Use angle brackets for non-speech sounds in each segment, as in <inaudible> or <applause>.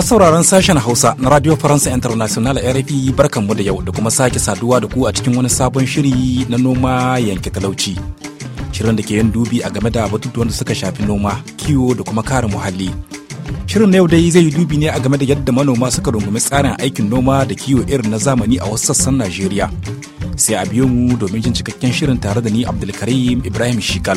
Masu sauraron sashen Hausa na Radio France International RFI barkanmu da yau da kuma sake saduwa da ku a cikin wani sabon shiri na noma yanke talauci. Shirin da ke yin dubi a game da batutuwan da suka shafi noma, kiwo da kuma kare muhalli. Shirin na yau dai zai yi dubi ne a game da yadda manoma suka rungumi tsarin aikin noma da kiwo irin na zamani a wasu sassan Najeriya. Sai a biyo mu domin jin cikakken shirin tare da ni Abdulkarim Ibrahim Shikal.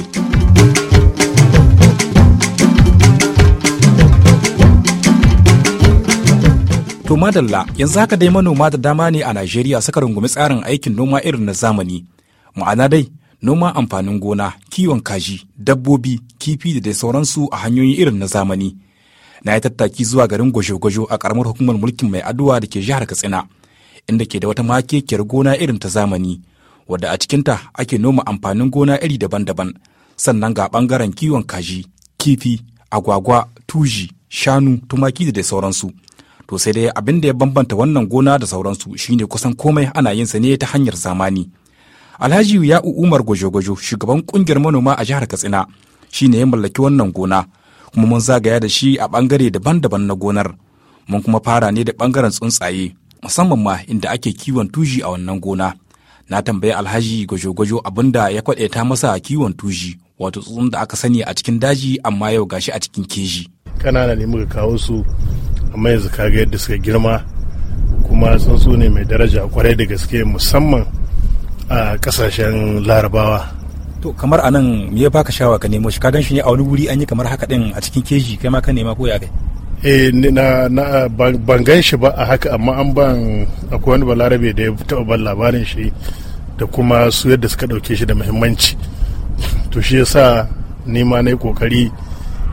To madalla yanzu haka dai manoma da dama ne a Najeriya suka rungumi tsarin aikin noma irin na zamani. Ma'ana dai noma amfanin gona, kiwon kaji, dabbobi, kifi da dai sauransu a hanyoyin irin na zamani. Na yi tattaki zuwa garin gwajo-gwajo a ƙaramar hukumar mulkin mai addua da ke jihar Katsina, inda ke da wata makekiyar gona irin ta zamani, wadda a cikinta ake noma amfanin gona iri daban-daban, sannan ga ɓangaren kiwon kaji, kifi, agwagwa, tuji, shanu, tumaki da dai sauransu. to sai dai abin da ya bambanta wannan gona da sauransu shine kusan komai ana yin sa ne ta hanyar zamani alhaji ya umar gwajo-gwajo shugaban kungiyar manoma a jihar katsina shine ya mallaki wannan gona kuma mun zagaya da shi a bangare daban-daban na gonar mun kuma fara ne da bangaren tsuntsaye musamman ma inda ake kiwon tuji a wannan gona na tambayi alhaji gwajo-gwajo abinda ya kwadaita masa kiwon tuji wato tsuntsun da aka sani a cikin daji amma yau gashi a cikin keji kanana ne muka kawo su amma yanzu kaga yadda suka girma kuma tsuntsu ne mai daraja kwarai da gaske musamman a kasashen larabawa to kamar anan me ya baka shawa ka nemo shi ka gan ne a wani wuri an yi kamar haka din a cikin keji kai ma ka nema ko ya kai eh na na ban gan shi ba a haka amma an ban akwai wani balarabe da ya taba ban labarin shi da kuma su yadda suka ɗauke shi da muhimmanci to shi yasa ni ma na yi kokari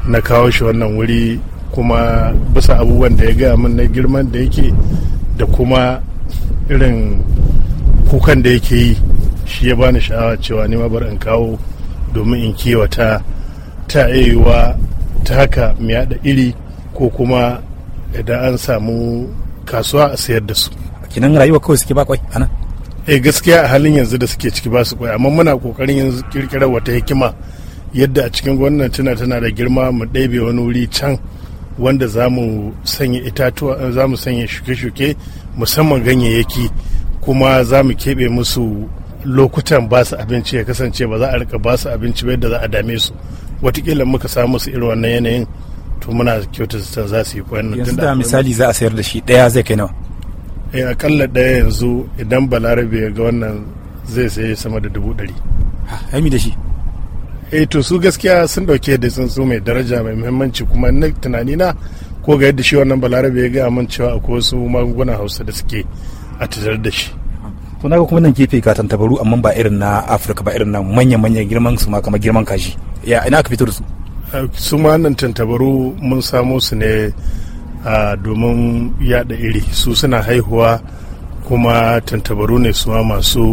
na kawo shi wannan wuri kuma bisa abubuwan da ya gaya min na girman da yake da kuma irin kukan da yake yi shi ya bani sha'awa cewa ni bar in kawo domin in kiwata ta yiwuwa ta haka mai yada iri ko kuma idan an samu kasuwa a sayar da su kinan rayuwa kawai suke ba kwai anan eh gaskiya a halin yanzu da suke ciki ba su kwai amma muna kokarin yanzu kirkirar wata hikima yadda a cikin gwamnati tana tana da girma mu ɗebe wani wuri can wanda za mu sanya itatuwa za mu sanya shuke-shuke musamman ganyayyaki kuma za mu keɓe musu lokutan ba su abinci ya kasance ba za a rika ba su abinci ba yadda za a dame su watakila muka samu su irin wannan yanayin to muna kyauta ta za su yi kwanan yanzu da misali za a sayar da shi ɗaya zai kai nawa eh akalla ɗaya yanzu idan balarabe ya ga wannan zai sayi sama da dubu ɗari. Hami da shi. eh to su gaskiya sun dauke da su mai daraja mai muhimmanci kuma na tunani na ko ga yadda shi wannan balarabe ya gaya mun cewa akwai wasu magungunan hausa da suke a tajar da shi to naga kuma nan gefe ka tantabaru amma ba irin na afirka ba irin na manya-manyan girman su ma kamar girman kashi ya ina ka fitar da su eh, su ma nan tantabaru mun samo su ne domin yada iri su suna haihuwa kuma tantabaru ne su masu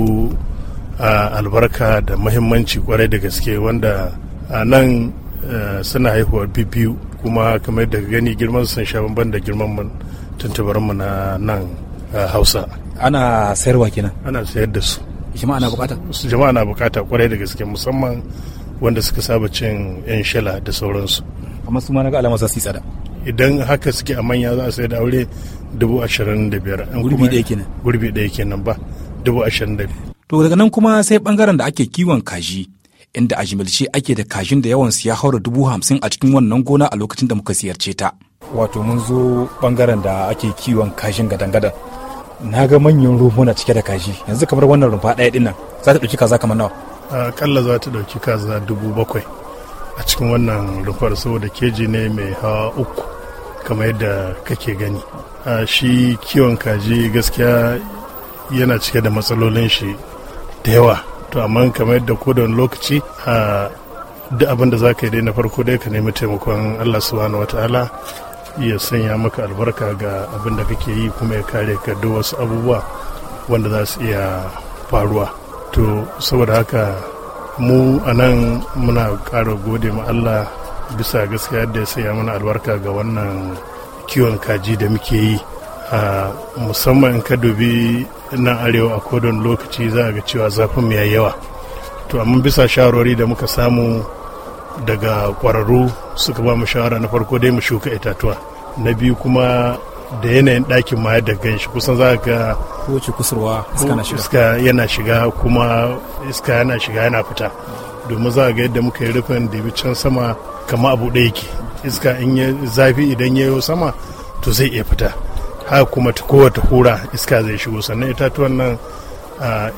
albarka da mahimmanci kwarai da gaske wanda a nan suna haihuwa biyu kuma kamar da gani girman sun sha bamban da girman mu na nan hausa ana sayarwa kenan ana sayar da su jama'a na bukata jama'a na bukata kwarai da gaske musamman wanda suka saba cin yan shela da sauransu amma su ma na ga alama za su yi tsada idan haka suke a manya za a sayar da aure dubu ashirin da biyar gurbi ɗaya kenan gurbi ɗaya kenan ba dubu ashirin da biyar To daga nan kuma sai bangaren da ake kiwon kaji inda a jimilce ake da kajin da yawansu ya haura dubu hamsin a cikin wannan gona a lokacin da muka ziyarce ta. Wato mun zo bangaren da ake kiwon kajin gadan-gadan. Na ga manyan rumfuna cike da kaji yanzu kamar wannan rumfa ɗaya ɗin nan za ta ɗauki kaza kamar nawa. Akalla za ta ɗauki kaza dubu bakwai a cikin wannan rumfar saboda keji ne mai hawa uku kamar yadda kake gani. Shi kiwon kaji gaskiya yana cike da matsalolin shi da yawa to amma kamar yadda ko da lokaci a duk abin da za ka yi dai na farko dai ka nemi taimakon allah subhanahu wataala ya sanya maka albarka ga abin da kake yi kuma ya kare ka duk wasu abubuwa wanda za su iya faruwa to saboda haka mu a nan muna ƙara gode ma allah bisa gaskiya da ya sanya mana albarka ga wannan kiwon kaji da muke yi A musamman in ka dubi nan arewa a kodon lokaci za a ga cewa zafin ya yawa to amma bisa shawarwari da muka samu daga kwararru suka ba mu shawara na farko dai mu shuka itatuwa na biyu kuma da yanayin ɗakin ma da ganshi kusan za ga wuce kusurwa iska yana shiga kuma iska yana shiga yana fita domin za ga yadda muka yi rufin da can sama kama abu ɗaya yake iska in zafi idan ya yi sama to zai iya fita har kuma kowace hura iska zai shigo sannan itatuwan nan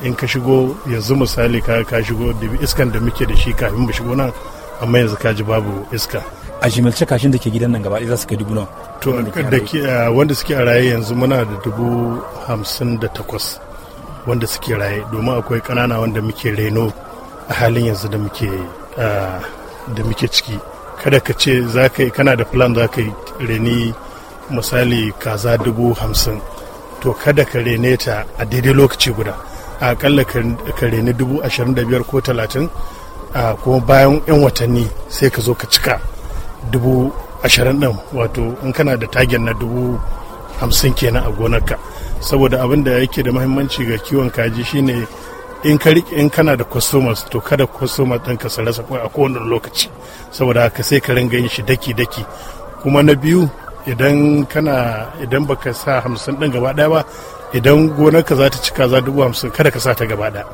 in ka shigo yanzu misali ka ka shigo iskan da muke da shi kafin mu shigo nan amma yanzu ka ji babu iska a jimilce kashin da ke gidan nan gaba za su ka dubu nawa to wanda suke a raye yanzu muna da dubu hamsin da takwas wanda suke raye domin akwai ƙanana wanda muke reno a halin yanzu da muke da muke ciki kada ka ce za ka yi kana da plan za ka yi reni misali kaza dubu hamsin to kada ka rene ta a daidai lokaci guda a akalla ka rene dubu ashirin da biyar ko talatin a kuma bayan yan watanni sai ka zo ka cika dubu ashirin ɗin wato in kana da tagen na dubu hamsin kenan a gonarka saboda abin da yake da mahimmanci ga kiwon kaji shine in ka in kana da customers to kada customers ɗin ka su a kowane lokaci saboda haka sai ka ringa yin shi daki daki kuma na biyu idan kana idan baka sa hamsin ɗin gaba ɗaya ba idan gonarka za ta ci kaza dubu hamsin kada ka sa ta gaba ɗaya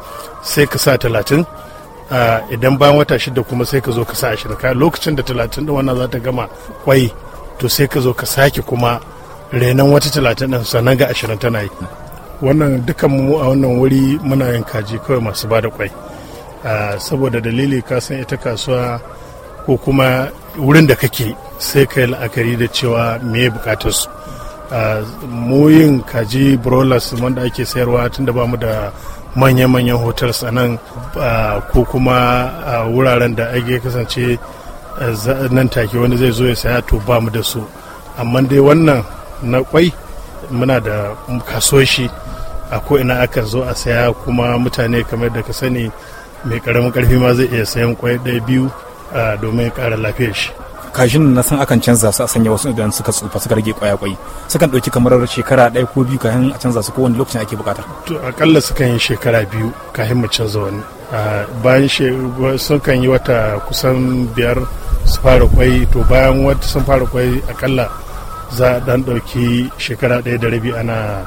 sai ka sa talatin idan bayan wata shida kuma sai ka zo ka sa ashirin ka lokacin da talatin ɗin wannan za ta gama kwai to sai ka zo ka sake kuma renon wata talatin ɗin sannan ga ashirin tana yi wannan dukan mu a wannan wuri muna yin kaji kawai masu ba da kwai saboda dalili ka san ita kasuwa ko kuma wurin da kake sai ka yi la'akari da cewa me su moyin kaji broilers wanda ake sayarwa tunda ba mu da manya-manyan hotels a nan ko kuma wuraren da ake kasance nan take wani zai zo ya saya to ba mu da su amma dai wannan na kwai muna da kasoshi a ko ko'ina akan zo a saya kuma mutane kamar da ka sani mai karamin karfi ma zai iya sayan kwai ɗaya biyu domin ƙara lafiyar shi kashin na san akan canza su a sanya wasu idan suka tsufa suka rage kwaya kwai sukan ɗauki kamar shekara ɗaya ko biyu kafin a canza su ko wani lokacin ake bukata to akalla sukan yi shekara biyu kafin mu canza wani bayan sukan yi wata kusan biyar su fara kwai to bayan wata sun fara kwai akalla za a dan ɗauki shekara ɗaya da rabi ana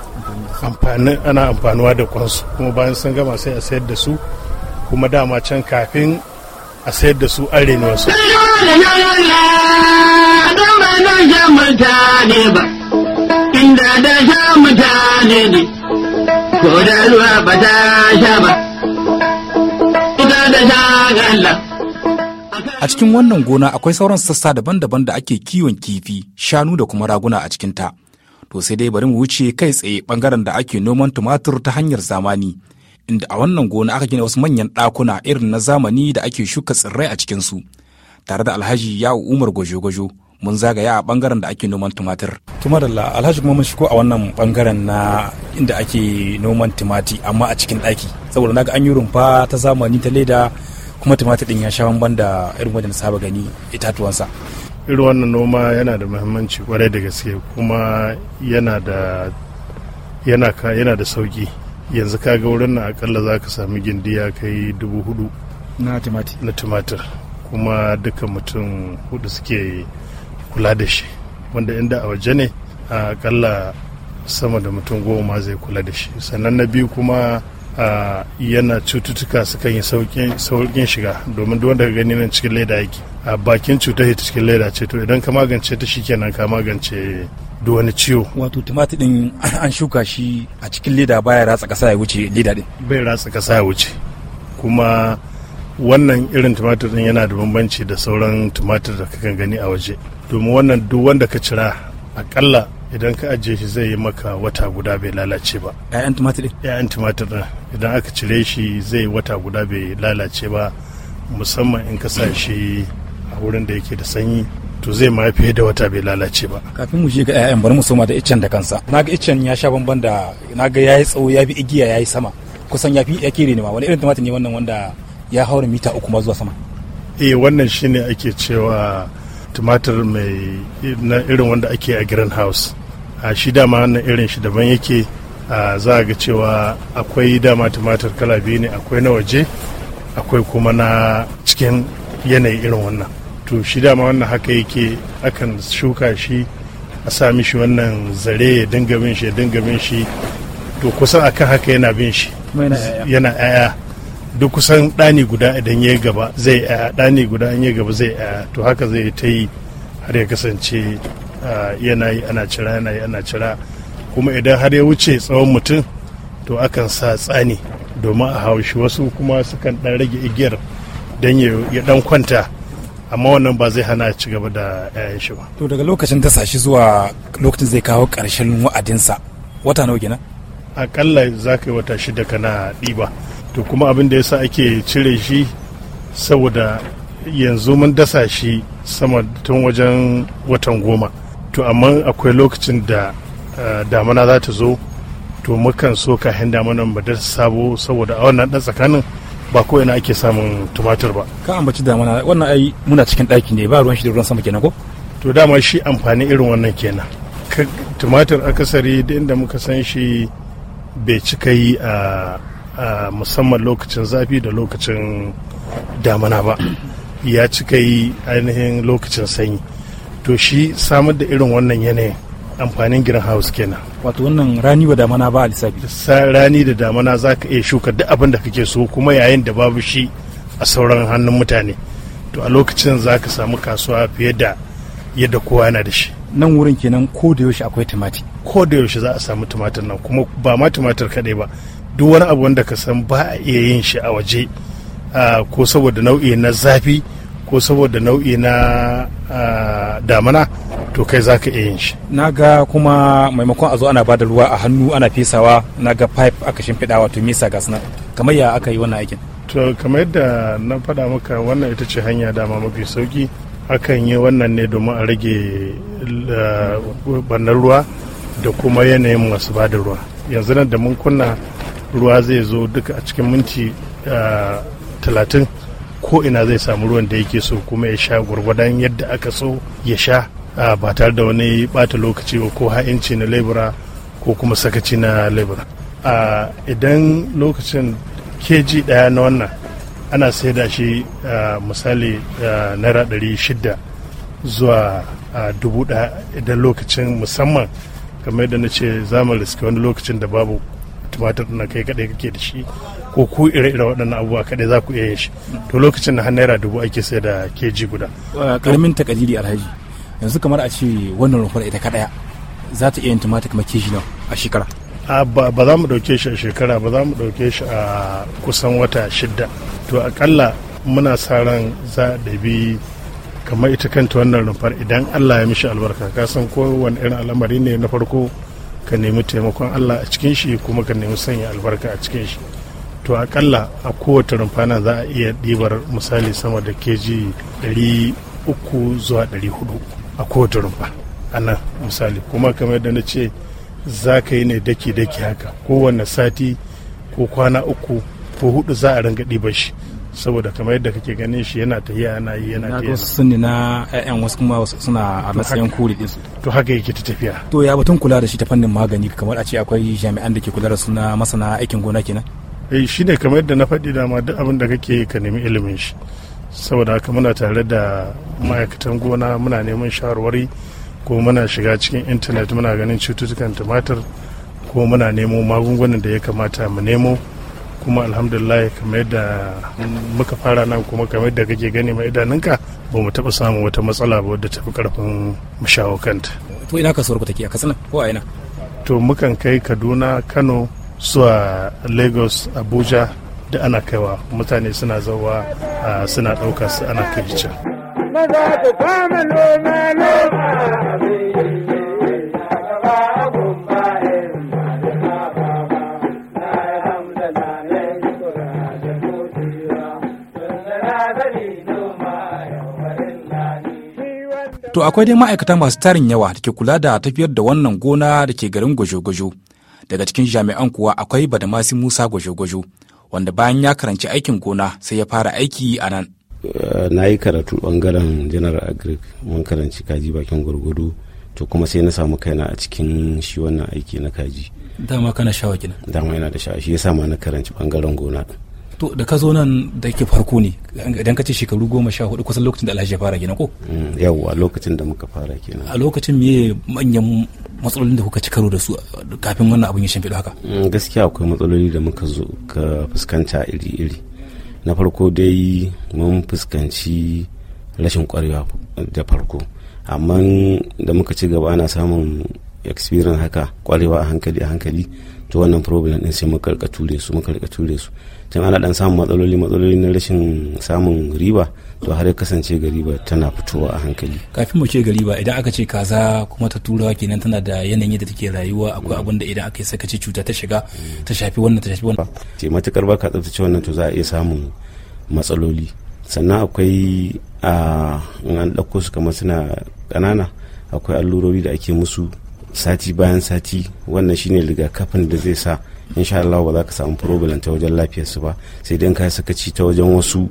amfanuwa da kwansu kuma bayan sun gama sai a sayar da su kuma dama can kafin a sayar da su an rena wasu A cikin wannan gona akwai sauran sassa daban-daban da ake kiwon kifi, shanu da kuma raguna a cikinta. To sai dai bari mu wuce kai tsaye bangaren da ake noman tumatur ta hanyar zamani, inda a wannan gona aka gina wasu manyan ɗakuna irin na zamani da ake shuka tsirrai a cikinsu tare da alhaji yawo umar gwajo-gwajo mun zagaya a bangaren da ake noman tumatir. tumarilla alhaji kuma mun shigo a wannan bangaren na inda ake noman tumati amma a cikin ɗaki saboda naga an yi rumfa ta zamani ta leda kuma tumatir din ya sha bamban da irin wajen saba gani itatuwansa irin wannan noma yana da muhimmanci kwarai da gaske kuma yana da yana da sauki yanzu kaga wurin na akalla za ka sami gindiya kai dubu hudu na tumatir kuma duka mutum hudu suke kula da shi wanda inda a waje ne a akalla sama da mutum goma zai kula da shi sannan na biyu kuma yana cututtuka sukan yi saukin shiga domin duk wanda ka gani nan cikin leda yake a bakin cutar ita cikin leda ce to idan ka magance ta shikenan ka magance duk wani ciwo wato tumatir din <laughs> an shuka shi a cikin leda baya ratsa kasa ya wuce leda din bai ratsa kasa ya wuce kuma wannan irin tumatir din yana da bambanci da sauran tumatir da kakan gani a waje domin wannan duk wanda ka cira akalla idan ka ajiye shi zai yi maka wata guda bai lalace ba ‘Ya’yan tumatir ‘Ya’yan tumatir ɗin idan aka cire shi zai wata guda bai lalace ba musamman in ka sa shi a wurin da yake da sanyi to zai ma fiye da wata bai lalace ba kafin mu shi ga ‘ya’yan bari mu soma da iccen da kansa na ga iccen ya sha bamban da na ga ya yi tsawo ya bi igiya ya yi sama kusan ya fi ya kere ne ma wani irin tumatir ne wannan wanda ya haura mita uku ma zuwa sama eh wannan shine ake cewa tumatir mai na irin wanda ake a house a shi dama wannan irin shi daban yake za a ga cewa akwai dama tumatir kala biyu ne akwai na waje akwai kuma na cikin yanayi irin wannan to shi dama wannan haka yake akan shuka shi a sa mishi wannan zare ya dinga bin shi ya dinga bin shi to kusan akan haka yana bin shi yana aya duk kusan ɗani guda idan ya gaba zai aya ɗani guda in ya gaba zai aya to haka zai ta yi har ya kasance yanayi ana cira yanayi ana cira kuma idan har ya wuce tsawon mutum to akan sa tsani domin a haushi wasu kuma sukan dan rage igiyar don ya dan kwanta amma wannan ba zai hana ci gaba da 'ya'yan shi ba to daga lokacin dasa shi zuwa lokacin zai kawo karshen wa'adinsa wata nawa kenan akalla za ka yi wata shida kana ɗiba to kuma abin da yasa ake cire shi saboda yanzu mun dasa shi sama tun wajen watan goma to amma akwai lokacin da eh, damana za ta zo to mukan so kahin damanan ba da sabo saboda a wannan dan tsakanin ba ko ina ake samun tumatir ba ka ambaci damana wannan ai muna cikin daki ne ba ruwan shi da ruwan sama kenan ko to dama shi amfani irin wannan kenan tumatir akasari da inda muka san shi bai cika yi a musamman lokacin zafi da lokacin damana ba ya cika yi ainihin lokacin sanyi to shi samar da irin wannan yanayin amfanin girin house kenan wato wannan rani wa damana ba a lissafi rani da damana za ka iya shuka duk abin da kake so kuma yayin da babu shi a sauran hannun mutane to a lokacin za ka samu kasuwa fiye da yadda kowa yana da shi nan wurin kenan ko da yaushe akwai tumatir ko da yaushe za a samu tumatir nan kuma ba ma tumatir kaɗai ba duk wani abu wanda ka san ba a iya yin shi a waje ah, ko saboda nau'i na zafi ko saboda nau'i na damana to kai za ka iya yin shi na ga kuma maimakon a zo ana bada ruwa a hannu ana fesawa na ga pipe aka shimfiɗa wato misa gas na kamar ya aka yi wannan aikin to kamar yadda na faɗa maka wannan ita ce hanya dama mafi sauki akan yi wannan ne domin a rage ɓannar ruwa da kuma yanayin masu bada ruwa yanzu nan da mun kunna ruwa zai zo duka a cikin minti talatin ko ina zai samu ruwan da yake so kuma ya sha gwargwadon yadda aka so ya sha ba tare da wani bata lokaci ba ko ha'inci na lebura ko kuma sakaci na lebura idan lokacin keji daya na wannan ana da shi misali naira 600 zuwa dubu da idan lokacin musamman kamar yadda na ce zamu riske wani lokacin da babu tumatir na kai kadai kake da shi ko ku ire-ire waɗannan abubuwa kadai za ku iya yin shi to lokacin na har naira dubu ake sai da keji guda karamin takadiri alhaji yanzu kamar a ce wannan rumfar ita kaɗaya za ta iya yin tumatir kamar keji nawa a shekara ba za mu ɗauke shi a shekara ba za mu ɗauke shi a kusan wata shidda to aƙalla muna sa ran za a ɗabi kamar ita kanta wannan rumfar idan allah ya mishi albarka ka san kowane irin al'amari ne na farko ka nemi taimakon allah a cikin shi kuma ka nemi sanya albarka a cikin shi to akalla a kowace rumfana za a iya ɗibar misali sama da keji 300 zuwa 400 a kowace rumfa a nan misali kuma kamar yadda na ce za ka yi ne daki-daki haka kowane sati ko kwana uku ko hudu za a ringa ɗibar shi saboda kamar yadda kake ganin shi yana ta yana yi yana ta yana sun na ƴaƴan wasu kuma suna a matsayin kuri din to haka yake ta tafiya to ya batun kula da shi ta fannin magani kamar a ce akwai jami'an da ke kula da suna masana aikin gona kenan eh ne kamar yadda na faɗi dama duk abin da kake ka nemi ilimin shi saboda haka muna tare da ma'aikatan gona muna neman shawarwari ko muna shiga cikin intanet muna ganin cututtukan tumatir ko muna nemo magungunan da ya kamata mu nemo kuma alhamdulillah kamar yadda muka fara nan kuma kamar yadda kake gani mai idanunka ba mu taɓa samun wata matsala ba wadda ta fi ƙarfin mu shawo kanta. to ina kasuwar ku take a katsina ko a ina. to mukan kai kaduna kano zuwa lagos abuja da ana kaiwa mutane suna zawa ah, suna ɗauka su ana kai can. To akwai dai ma'aikata masu tarin yawa da ke kula da tafiyar da wannan gona da ke garin gwajo-gwajo. Daga cikin jami'an kuwa akwai Badamasi Musa gwajo-gwajo, wanda bayan ya karanci aikin gona sai ya fara aiki a nan. Eh, na yi karatu bangaren General Agric, mun karanci kaji bakin gwargwado, to kuma sai na samu kaina a cikin shi wannan aiki na kaji. Dama kana shawa kenan. Dama yana da shawa, shi yasa ma na karanci bangaren gona. to da ka zo nan da ke farko ne idan ka ce shekaru goma sha hudu kusan lokacin da alhaji ya fara gina ko mm, yawwa lokacin da muka fara kenan a lokacin me manyan matsalolin da kuka ci karo da su kafin wannan abin ya shimfiɗa haka mm, gaskiya akwai matsaloli da muka zo ka fuskanta iri-iri na farko dai mun fuskanci rashin kwarewa da farko amma da muka ci gaba ana samun experience haka kwarewa a hankali a hankali to wannan problem din sai muka rika ture su muka rika ture su tun ana dan samun matsaloli matsaloli na rashin samun riba to har ya kasance ga riba tana fitowa a hankali kafin mu ce ga riba idan aka ce kaza kuma ta turawa kenan tana da yanayin da take rayuwa akwai abin da idan aka yi sakaci cuta ta shiga ta shafi wannan ta shafi wannan ce matukar baka tsaftace wannan to za a iya samun matsaloli sannan akwai a in an ɗauko su kamar suna kanana akwai allurori da ake musu sati bayan sati wannan shine rigakafin da zai sa insha Allah ba za ka samu problem ta wajen lafiyarsu ba sai dai ka ci ta wajen wasu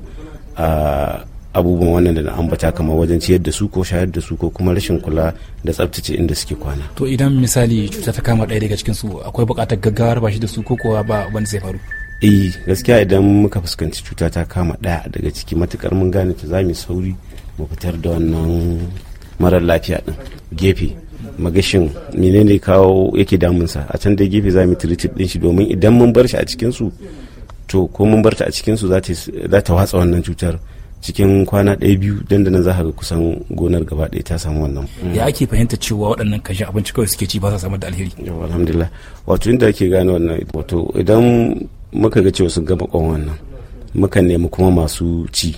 abubuwan wannan da na ambata kamar wajen ciyar da su ko shayar da su ko kuma rashin kula da tsabtace inda suke kwana. To idan misali cuta ta kama ɗaya daga cikin su akwai buƙatar gaggawar ba shi da su ko kuwa ba wanda zai faru. Eh gaskiya idan muka fuskanci cuta ta kama ɗaya daga ciki matukar mun gane ta za mu sauri mu fitar da wannan marar lafiya ɗin gefe magashin menene kawo yake damunsa a can dai gefe za mu treat din shi domin idan mun bar shi a cikin su to ko mun bar ta a cikin su za ta watsa wannan cutar cikin kwana ɗaya biyu nan za ga kusan gonar gaba ɗaya ta samu wannan. Mm. ya ake fahimta cewa waɗannan kashin abinci kawai suke ci ba sa samar da alheri. alhamdulillah wato inda ake gane wannan wato idan muka ga cewa sun gama ƙwan wannan muka nemi kuma masu ci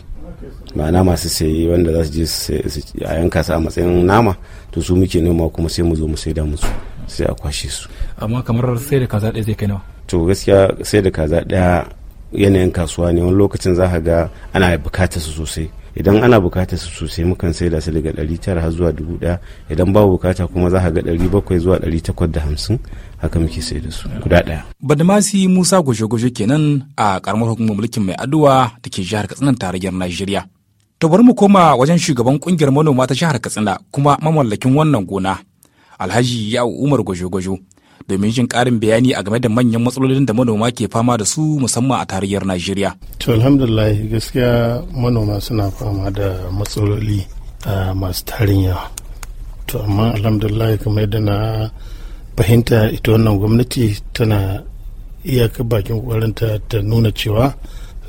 ma'ana masu sayi wanda za su je a yanka su a matsayin nama to su muke noma kuma sai mu zo mu sai da musu sai a kwashe su amma kamar sai da kaza ɗaya zai kai nawa to gaskiya sai da kaza daya yanayin kasuwa ne wani lokacin za ka ga ana bukata su sosai idan ana bukata su sosai mukan sai da su daga tara har zuwa dubu ɗaya idan babu bukata kuma za ka ga bakwai zuwa takwas da ɗari hamsin haka muke sai da su guda ɗaya Badamasi Musa goshe-goshe kenan a karamar hukumar mulkin mai addu'a da ke jihar Katsina tarayyar Najeriya. To bari mu koma wajen shugaban kungiyar manoma ta jihar Katsina kuma mamallakin wannan gona, Alhaji Ya'u Umar Gwajo-Gwajo, domin jin ƙarin bayani a game da manyan matsalolin da manoma ke fama da su musamman a tarayyar Najeriya. To alhamdulillah gaskiya manoma suna fama da matsaloli ah, masu tarinya To amma alhamdulillah kamar da na fahimta ita wannan gwamnati tana iyaka bakin ƙoƙarinta ta nuna cewa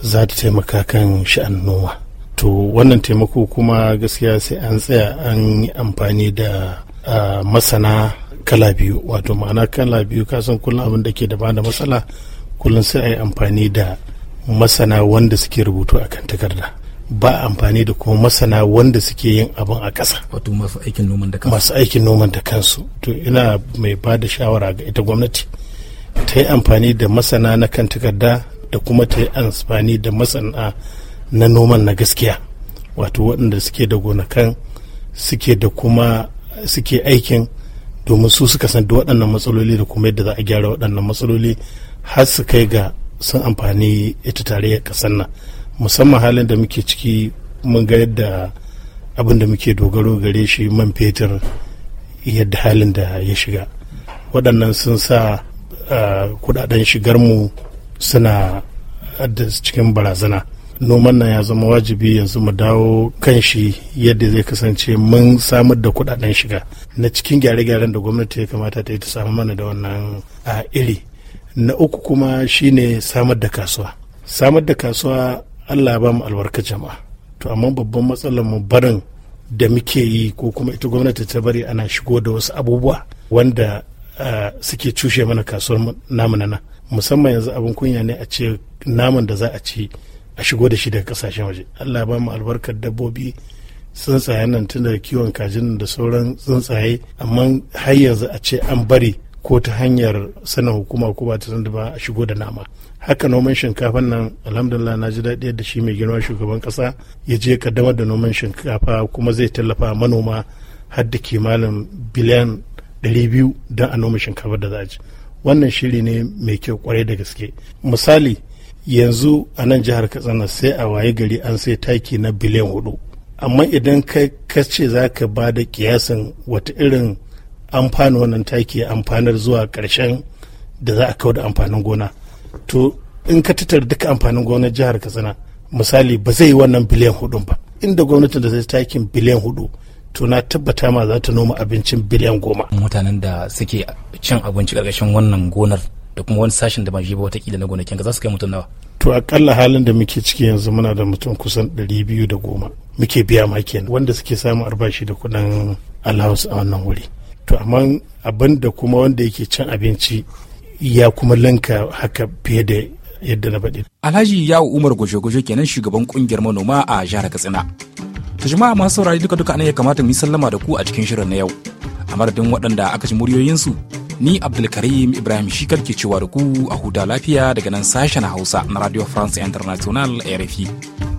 za ta taimaka kan sha'an noma. to wannan taimako kuma gaskiya sai an tsaya an yi amfani da masana kala biyu wato ma'ana kala biyu kasan kullum abin da ke da da matsala kullum sai a yi amfani da masana wanda suke rubutu a kan takarda ba amfani da kuma masana wanda suke yin abin a ƙasa. Wato masu aikin noman da kansu. Masu aikin noman da kansu. To ina mai ba da shawara ga ita gwamnati ta yi amfani da masana na kan takarda da kuma ta yi amfani da masana na noman na gaskiya wato waɗanda suke da gonakan suke da kuma suke aikin domin su suka san da waɗannan matsaloli da kuma yadda za a gyara waɗannan matsaloli har su kai ga sun amfani ita tarayyar ƙasar nan musamman halin da muke ciki mun ga yadda abin da muke dogaro gare shi man fetur yadda halin da ya shiga waɗannan sun sa ah, kudaden mu suna cikin barazana noman nan ya zama wajibi yanzu mu dawo kan shi yadda zai kasance mun samar da kudaden shiga na cikin gyare-gyaren da gwamnati ya kamata ta yi ta samu mana da wannan a iri na uku kuma shine samar da kasuwa samar da kasuwa allah ba mu albarka jama'a to amma babban matsalar mu barin da muke yi ko kuma ita gwamnati ta bari ana shigo da wasu abubuwa wanda suke cushe mana kasuwar namu na nan musamman yanzu abin kunya ne a ce naman da za a ci a shigo da shi daga kasashen waje allah ba mu albarkar dabbobi tsuntsayen nan tun da kiwon kajin da sauran tsuntsaye amma har yanzu a ce an bari ko ta hanyar sanin hukuma ko ba ta san da ba a shigo da nama haka noman shinkafan nan alhamdulillah na ji daɗi yadda shi mai girma shugaban ƙasa ya je kaddamar da noman shinkafa kuma zai tallafa manoma har da kimanin biliyan biyu don a noma shinkafa da za a ci wannan shiri ne mai kyau kwarai da gaske misali yanzu a nan jihar katsina sai a waye gari an sai taki na biliyan hudu amma idan ka ce za ka ba da kiyasin wata irin amfani wannan taki amfanar zuwa karshen da za a kawo da amfanin gona to in ka tattara duka amfanin gona jihar katsina misali ba zai yi wannan biliyan hudu ba inda gwamnatin da zai takin biliyan hudu to na tabbata ma za ta noma abincin biliyan goma mutanen da suke cin abinci ƙarƙashin wannan gonar da kuma wani sashen da ban shi ba watakila na gonakin ka za su kai mutum nawa to akalla halin da muke ciki yanzu muna da mutum kusan biyu da ɗari goma. muke biya ma kenan wanda suke samun albashi da kuɗin allowance a wannan wuri to amma abin da kuma wanda yake cin abinci ya kuma lanka haka fiye da yadda na faɗi. Alhaji Yawo Umar Goshe-Goshe kenan shugaban kungiyar manoma a jihar Katsina. Ta jama'a masu saurari duka-duka anan ya kamata mu yi sallama da ku a cikin shirin na yau. A madadin waɗanda aka ci muryoyinsu ni abdulkarim ibrahim shikal ke cewa da ku a huda lafiya daga nan sashen hausa na radio france international rfi